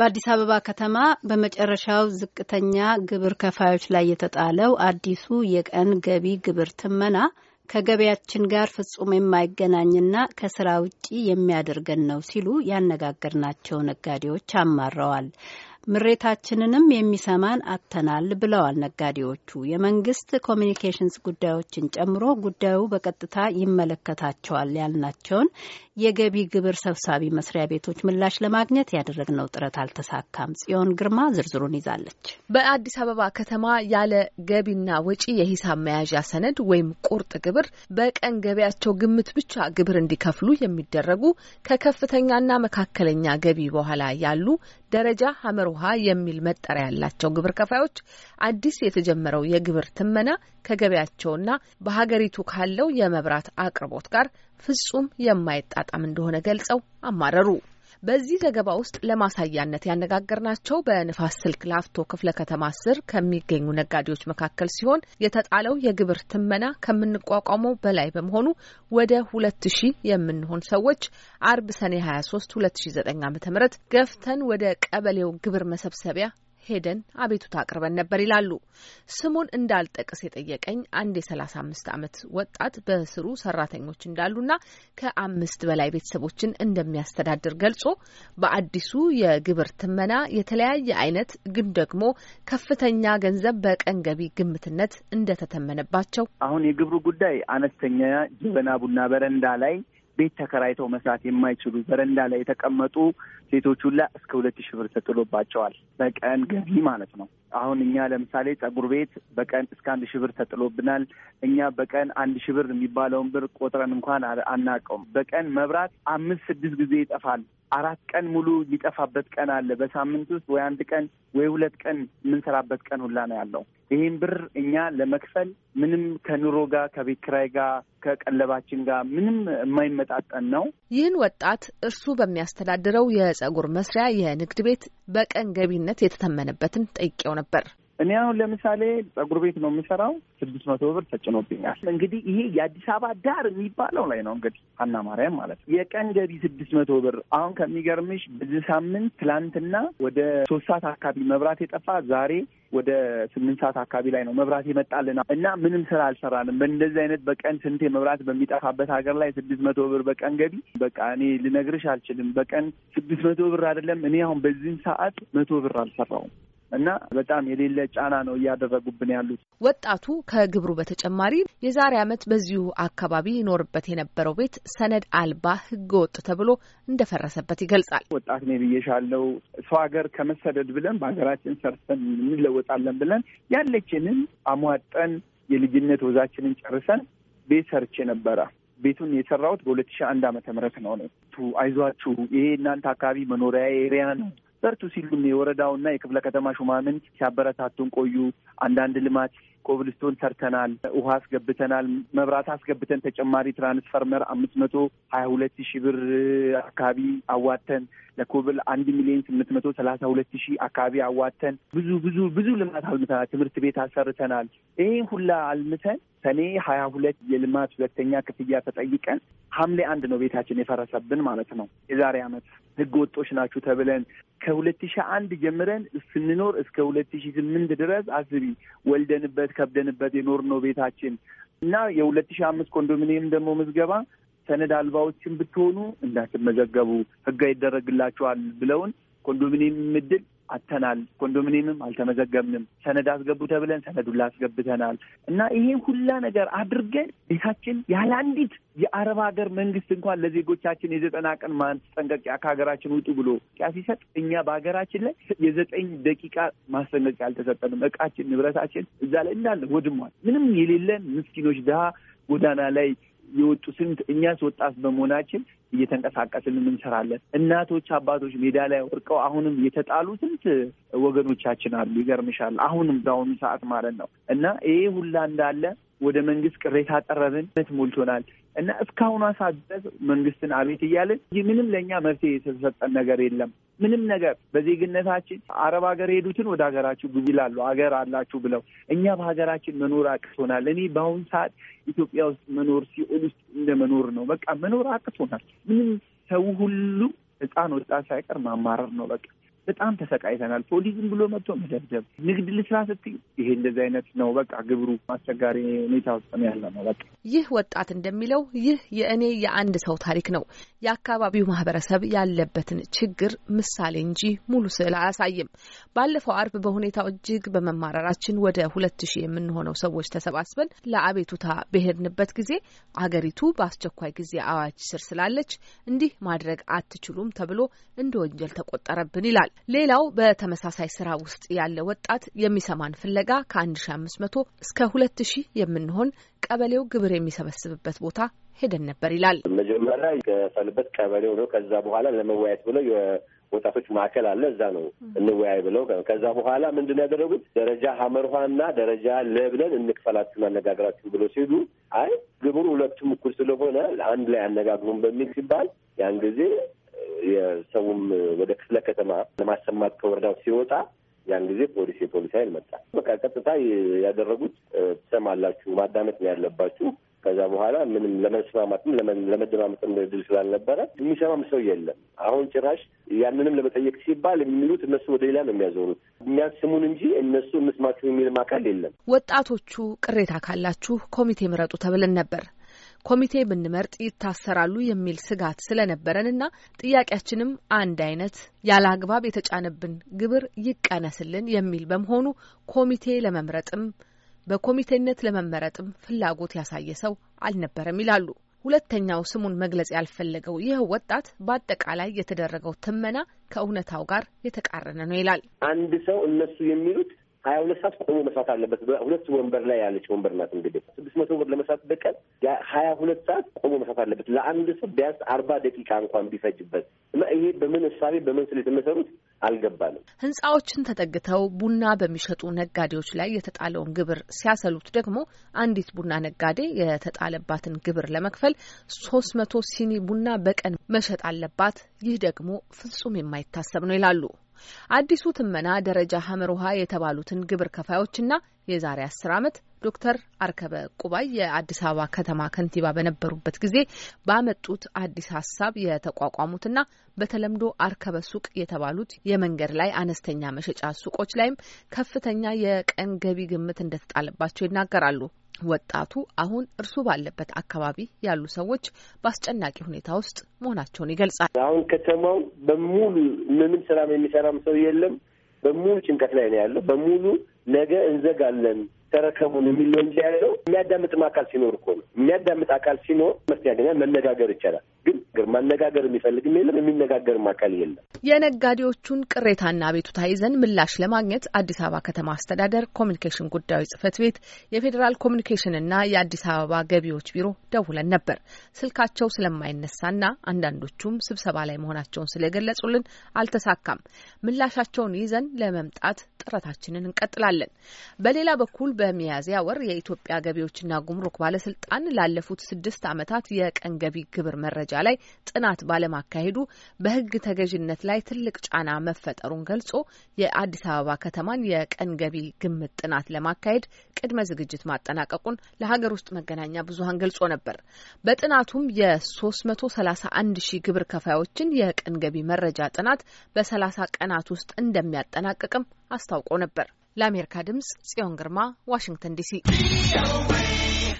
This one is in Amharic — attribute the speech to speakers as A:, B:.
A: በአዲስ አበባ ከተማ በመጨረሻው ዝቅተኛ ግብር ከፋዮች ላይ የተጣለው አዲሱ የቀን ገቢ ግብር ትመና ከገበያችን ጋር ፍጹም የማይገናኝና ከስራ ውጪ የሚያደርገን ነው ሲሉ ያነጋገርናቸው ነጋዴዎች አማረዋል። ምሬታችንንም የሚሰማን አጥተናል ብለዋል ነጋዴዎቹ። የመንግስት ኮሚኒኬሽንስ ጉዳዮችን ጨምሮ ጉዳዩ በቀጥታ ይመለከታቸዋል ያልናቸውን የገቢ ግብር ሰብሳቢ መስሪያ ቤቶች ምላሽ ለማግኘት ያደረግነው ጥረት አልተሳካም። ጽዮን ግርማ ዝርዝሩን ይዛለች። በአዲስ አበባ ከተማ ያለ ገቢና ወጪ የሂሳብ መያዣ ሰነድ ወይም ቁርጥ ግብር በቀን ገቢያቸው ግምት ብቻ ግብር እንዲከፍሉ የሚደረጉ ከከፍተኛና መካከለኛ ገቢ በኋላ ያሉ ደረጃ ሀመር ውሃ የሚል መጠሪያ ያላቸው ግብር ከፋዮች አዲስ የተጀመረው የግብር ትመና ከገቢያቸውና በሀገሪቱ ካለው የመብራት አቅርቦት ጋር ፍጹም የማይጣጣም እንደሆነ ገልጸው አማረሩ። በዚህ ዘገባ ውስጥ ለማሳያነት ያነጋገርናቸው በንፋስ ስልክ ላፍቶ ክፍለ ከተማ ስር ከሚገኙ ነጋዴዎች መካከል ሲሆን የተጣለው የግብር ትመና ከምንቋቋመው በላይ በመሆኑ ወደ ሁለት ሺህ የምንሆን ሰዎች አርብ ሰኔ ሺ ዘጠኝ አመተ ም ገፍተን ወደ ቀበሌው ግብር መሰብሰቢያ ሄደን አቤቱታ አቅርበን ነበር ይላሉ። ስሙን እንዳልጠቅስ የጠየቀኝ አንድ የሰላሳ አምስት ዓመት ወጣት በስሩ ሰራተኞች እንዳሉና ከአምስት በላይ ቤተሰቦችን እንደሚያስተዳድር ገልጾ በአዲሱ የግብር ትመና የተለያየ አይነት ግን ደግሞ ከፍተኛ ገንዘብ በቀን ገቢ ግምትነት
B: እንደተተመነባቸው አሁን የግብሩ ጉዳይ አነስተኛ ጀበና ቡና በረንዳ ላይ ቤት ተከራይተው መስራት የማይችሉ በረንዳ ላይ የተቀመጡ ሴቶች ሁላ እስከ ሁለት ሺህ ብር ተጥሎባቸዋል። በቀን ገቢ ማለት ነው። አሁን እኛ ለምሳሌ ጸጉር ቤት በቀን እስከ አንድ ሺህ ብር ተጥሎብናል። እኛ በቀን አንድ ሺህ ብር የሚባለውን ብር ቆጥረን እንኳን አናውቀውም። በቀን መብራት አምስት ስድስት ጊዜ ይጠፋል። አራት ቀን ሙሉ የሚጠፋበት ቀን አለ። በሳምንት ውስጥ ወይ አንድ ቀን ወይ ሁለት ቀን የምንሰራበት ቀን ሁላ ነው ያለው። ይህን ብር እኛ ለመክፈል ምንም ከኑሮ ጋር ከቤት ኪራይ ጋር ከቀለባችን ጋር ምንም የማይመጣጠን ነው።
A: ይህን ወጣት እርሱ በሚያስተዳድረው የጸጉር መስሪያ የንግድ ቤት በቀን ገቢነት የተተመነበትን ጠይቄው ነበር። እኔ አሁን ለምሳሌ
B: ጸጉር ቤት ነው የምሰራው። ስድስት መቶ ብር ተጭኖብኛል። እንግዲህ ይሄ የአዲስ አበባ ዳር የሚባለው ላይ ነው እንግዲህ አና ማርያም ማለት ነው። የቀን ገቢ ስድስት መቶ ብር። አሁን ከሚገርምሽ በዚህ ሳምንት ትላንትና ወደ ሶስት ሰዓት አካባቢ መብራት የጠፋ ዛሬ ወደ ስምንት ሰዓት አካባቢ ላይ ነው መብራት የመጣልና እና ምንም ስራ አልሰራንም። በእንደዚህ አይነት በቀን ስንቴ መብራት በሚጠፋበት ሀገር ላይ ስድስት መቶ ብር በቀን ገቢ በቃ እኔ ልነግርሽ አልችልም። በቀን ስድስት መቶ ብር አይደለም እኔ አሁን በዚህም ሰዓት መቶ ብር አልሰራውም። እና በጣም የሌለ ጫና ነው እያደረጉብን ያሉት።
A: ወጣቱ ከግብሩ በተጨማሪ የዛሬ ዓመት በዚሁ አካባቢ ይኖርበት የነበረው ቤት ሰነድ አልባ ሕገ ወጥ ተብሎ እንደፈረሰበት ይገልጻል።
B: ወጣት ነ ብዬሻለው ሰው ሀገር ከመሰደድ ብለን በሀገራችን ሰርተን እንለወጣለን ብለን ያለችንን አሟጠን የልጅነት ወዛችንን ጨርሰን ቤት ሰርቼ ነበረ። ቤቱን የሰራሁት በሁለት ሺህ አንድ ዓመተ ምህረት ነው ነው አይዟችሁ፣ ይሄ እናንተ አካባቢ መኖሪያ ኤሪያ ነው በርቱ ሲሉም የወረዳውና የክፍለ ከተማ ሹማምንት ሲያበረታቱን ቆዩ። አንዳንድ ልማት ኮብልስቶን ሰርተናል፣ ውሃ አስገብተናል፣ መብራት አስገብተን ተጨማሪ ትራንስፈርመር አምስት መቶ ሀያ ሁለት ሺህ ብር አካባቢ አዋተን ለኮብል አንድ ሚሊዮን ስምንት መቶ ሰላሳ ሁለት ሺህ አካባቢ አዋተን
C: ብዙ ብዙ ብዙ ልማት
B: አልምተናል። ትምህርት ቤት አሰርተናል። ይህ ሁላ አልምተን ሰኔ ሀያ ሁለት የልማት ሁለተኛ ክፍያ ተጠይቀን ሐምሌ አንድ ነው ቤታችን የፈረሰብን ማለት ነው። የዛሬ ዓመት ህገ ወጦች ናችሁ ተብለን ከሁለት ሺህ አንድ ጀምረን ስንኖር እስከ ሁለት ሺህ ስምንት ድረስ አስቢ ወልደንበት ዓመት ከብደንበት የኖር ነው ቤታችን እና የሁለት ሺህ አምስት ኮንዶሚኒየም ደግሞ ምዝገባ ሰነድ አልባዎችን ብትሆኑ እንዳትመዘገቡ ህጋ ይደረግላቸዋል ብለውን ኮንዶሚኒየም ምድል አተናል። ኮንዶሚኒየምም አልተመዘገብንም። ሰነድ አስገቡ ተብለን ሰነዱን ላስገብተናል እና ይሄን ሁላ ነገር አድርገን ቤታችን ያለ አንዲት የአረብ ሀገር መንግስት እንኳን ለዜጎቻችን የዘጠና ቀን ማስጠንቀቂያ ከሀገራችን ውጡ ብሎ ቂያ ሲሰጥ እኛ በሀገራችን ላይ የዘጠኝ ደቂቃ ማስጠንቀቂያ አልተሰጠንም። እቃችን፣ ንብረታችን እዛ ላይ እንዳለ ወድሟል። ምንም የሌለን ምስኪኖች ድሃ ጎዳና ላይ የወጡ ስንት እኛስ ወጣት በመሆናችን እየተንቀሳቀስን እንሰራለን። እናቶች፣ አባቶች ሜዳ ላይ ወርቀው አሁንም የተጣሉ ስንት ወገኖቻችን አሉ። ይገርምሻል። አሁንም በአሁኑ ሰዓት ማለት ነው እና ይሄ ሁላ እንዳለ ወደ መንግስት ቅሬታ አቀረብን። ነት ሞልቶናል። እና እስካሁኗ ሰዓት መንግስትን አቤት እያለን ምንም ለእኛ መፍትሄ የተሰጠን ነገር የለም። ምንም ነገር በዜግነታችን አረብ ሀገር ሄዱትን ወደ ሀገራችሁ ግቡ ይላሉ፣ ሀገር አላችሁ ብለው። እኛ በሀገራችን መኖር አቅቶናል። እኔ በአሁኑ ሰዓት ኢትዮጵያ ውስጥ መኖር ሲኦል ውስጥ እንደ መኖር ነው። በቃ መኖር አቅቶናል። ምንም ሰው ሁሉ ህፃን ወጣት ሳይቀር ማማረር ነው በቃ በጣም ተሰቃይተናል። ፖሊስ ብሎ መጥቶ መደብደብ፣ ንግድ ልስራ ስትይ ይሄ እንደዚህ አይነት ነው። በቃ ግብሩ አስቸጋሪ ሁኔታ ውስጥ ያለ ነው። በቃ
A: ይህ ወጣት እንደሚለው ይህ የእኔ የአንድ ሰው ታሪክ ነው። የአካባቢው ማህበረሰብ ያለበትን ችግር ምሳሌ እንጂ ሙሉ ስዕል አያሳይም። ባለፈው አርብ በሁኔታው እጅግ በመማረራችን ወደ ሁለት ሺህ የምንሆነው ሰዎች ተሰባስበን ለአቤቱታ በሄድንበት ጊዜ አገሪቱ በአስቸኳይ ጊዜ አዋጅ ስር ስላለች እንዲህ ማድረግ አትችሉም ተብሎ እንደ ወንጀል ተቆጠረብን ይላል። ሌላው በተመሳሳይ ስራ ውስጥ ያለ ወጣት የሚሰማን ፍለጋ ከ1500 እስከ 2000 የምንሆን ቀበሌው ግብር የሚሰበስብበት ቦታ ሄደን ነበር ይላል።
C: መጀመሪያ የከፈልበት ቀበሌው ነው። ከዛ በኋላ ለመወያየት ብለው የወጣቶች ማዕከል አለ፣ እዛ ነው እንወያይ ብለው ከዛ በኋላ ምንድን ነው ያደረጉት? ደረጃ ሀመርኋና ደረጃ ለብለን እንክፈላችሁ አነጋግራችሁ ብሎ ሲሉ አይ ግብሩ ሁለቱም እኩል ስለሆነ አንድ ላይ አነጋግሩን በሚል ሲባል ያን ጊዜ የሰውም ወደ ክፍለ ከተማ ለማሰማት ከወረዳው ሲወጣ ያን ጊዜ ፖሊስ የፖሊስ ኃይል መጣ። በቃ ቀጥታ ያደረጉት ትሰማላችሁ፣ ማዳመጥ ነው ያለባችሁ። ከዛ በኋላ ምንም ለመስማማትም ለመደማመጥም ድል ስላልነበረ የሚሰማም ሰው የለም። አሁን ጭራሽ ያንንም ለመጠየቅ ሲባል የሚሉት እነሱ ወደ ሌላ ነው የሚያዞሩት። እኛ ስሙን እንጂ እነሱ እንስማችሁ የሚልም አካል የለም።
A: ወጣቶቹ ቅሬታ ካላችሁ ኮሚቴ ምረጡ ተብለን ነበር። ኮሚቴ ብንመርጥ ይታሰራሉ የሚል ስጋት ስለነበረንና ጥያቄያችንም አንድ አይነት ያለ አግባብ የተጫነብን ግብር ይቀነስልን የሚል በመሆኑ ኮሚቴ ለመምረጥም በኮሚቴነት ለመመረጥም ፍላጎት ያሳየ ሰው አልነበረም ይላሉ። ሁለተኛው ስሙን መግለጽ ያልፈለገው ይህ ወጣት በአጠቃላይ የተደረገው ትመና ከእውነታው ጋር
C: የተቃረነ ነው ይላል። አንድ ሰው እነሱ የሚሉት ሀያ ሁለት ሰዓት ቆሞ መስራት አለበት። ሁለት ወንበር ላይ ያለች ወንበር ናት እንግዲህ ስድስት መቶ ብር ለመስራት በቀን ሀያ ሁለት ሰዓት ቆሞ መስራት አለበት። ለአንድ ሰው ቢያንስ አርባ ደቂቃ እንኳን ቢፈጅበት እና ይሄ በምን እሳቤ በምን ስል የተመሰሩት አልገባንም።
A: ህንፃዎችን ተጠግተው ቡና በሚሸጡ ነጋዴዎች ላይ የተጣለውን ግብር ሲያሰሉት ደግሞ አንዲት ቡና ነጋዴ የተጣለባትን ግብር ለመክፈል ሶስት መቶ ሲኒ ቡና በቀን መሸጥ አለባት። ይህ ደግሞ ፍጹም የማይታሰብ ነው ይላሉ። አዲሱ ትመና ደረጃ ሀመር ውሃ የተባሉትን ግብር ከፋዮችና የዛሬ አስር ዓመት ዶክተር አርከበ ቁባይ የአዲስ አበባ ከተማ ከንቲባ በነበሩበት ጊዜ ባመጡት አዲስ ሀሳብ የተቋቋሙትና በተለምዶ አርከበ ሱቅ የተባሉት የመንገድ ላይ አነስተኛ መሸጫ ሱቆች ላይም ከፍተኛ የቀን ገቢ ግምት እንደተጣለባቸው ይናገራሉ። ወጣቱ አሁን እርሱ ባለበት አካባቢ ያሉ ሰዎች በአስጨናቂ ሁኔታ ውስጥ መሆናቸውን ይገልጻል።
C: አሁን ከተማው በሙሉ ምንም ስራም የሚሰራም ሰው የለም። በሙሉ ጭንቀት ላይ ነው ያለው። በሙሉ ነገ እንዘጋለን ተረከቡን የሚለው እንጂ ያለው የሚያዳምጥም አካል ሲኖር እኮ ነው። የሚያዳምጥ አካል ሲኖር መፍትሄ ያገኛል፣ መነጋገር ይቻላል። ግን ማነጋገር የሚፈልግም የለም የሚነጋገርም አካል የለም።
A: የነጋዴዎቹን ቅሬታና ቤቱታ ይዘን ምላሽ ለማግኘት አዲስ አበባ ከተማ አስተዳደር ኮሚኒኬሽን ጉዳዮች ጽህፈት ቤት፣ የፌዴራል ኮሚኒኬሽንና የአዲስ አበባ ገቢዎች ቢሮ ደውለን ነበር። ስልካቸው ስለማይነሳና አንዳንዶቹም ስብሰባ ላይ መሆናቸውን ስለገለጹልን አልተሳካም። ምላሻቸውን ይዘን ለመምጣት ጥረታችንን እንቀጥላለን። በሌላ በኩል በሚያዝያ ወር የኢትዮጵያ ገቢዎችና ጉምሩክ ባለስልጣን ላለፉት ስድስት ዓመታት የቀን ገቢ ግብር መረጃ ደረጃ ላይ ጥናት ባለማካሄዱ በሕግ ተገዥነት ላይ ትልቅ ጫና መፈጠሩን ገልጾ የአዲስ አበባ ከተማን የቀን ገቢ ግምት ጥናት ለማካሄድ ቅድመ ዝግጅት ማጠናቀቁን ለሀገር ውስጥ መገናኛ ብዙኃን ገልጾ ነበር። በጥናቱም የ331 ሺህ ግብር ከፋዮችን የቀን ገቢ መረጃ ጥናት በ30 ቀናት ውስጥ እንደሚያጠናቅቅም አስታውቆ ነበር። ለአሜሪካ ድምጽ ጽዮን ግርማ ዋሽንግተን ዲሲ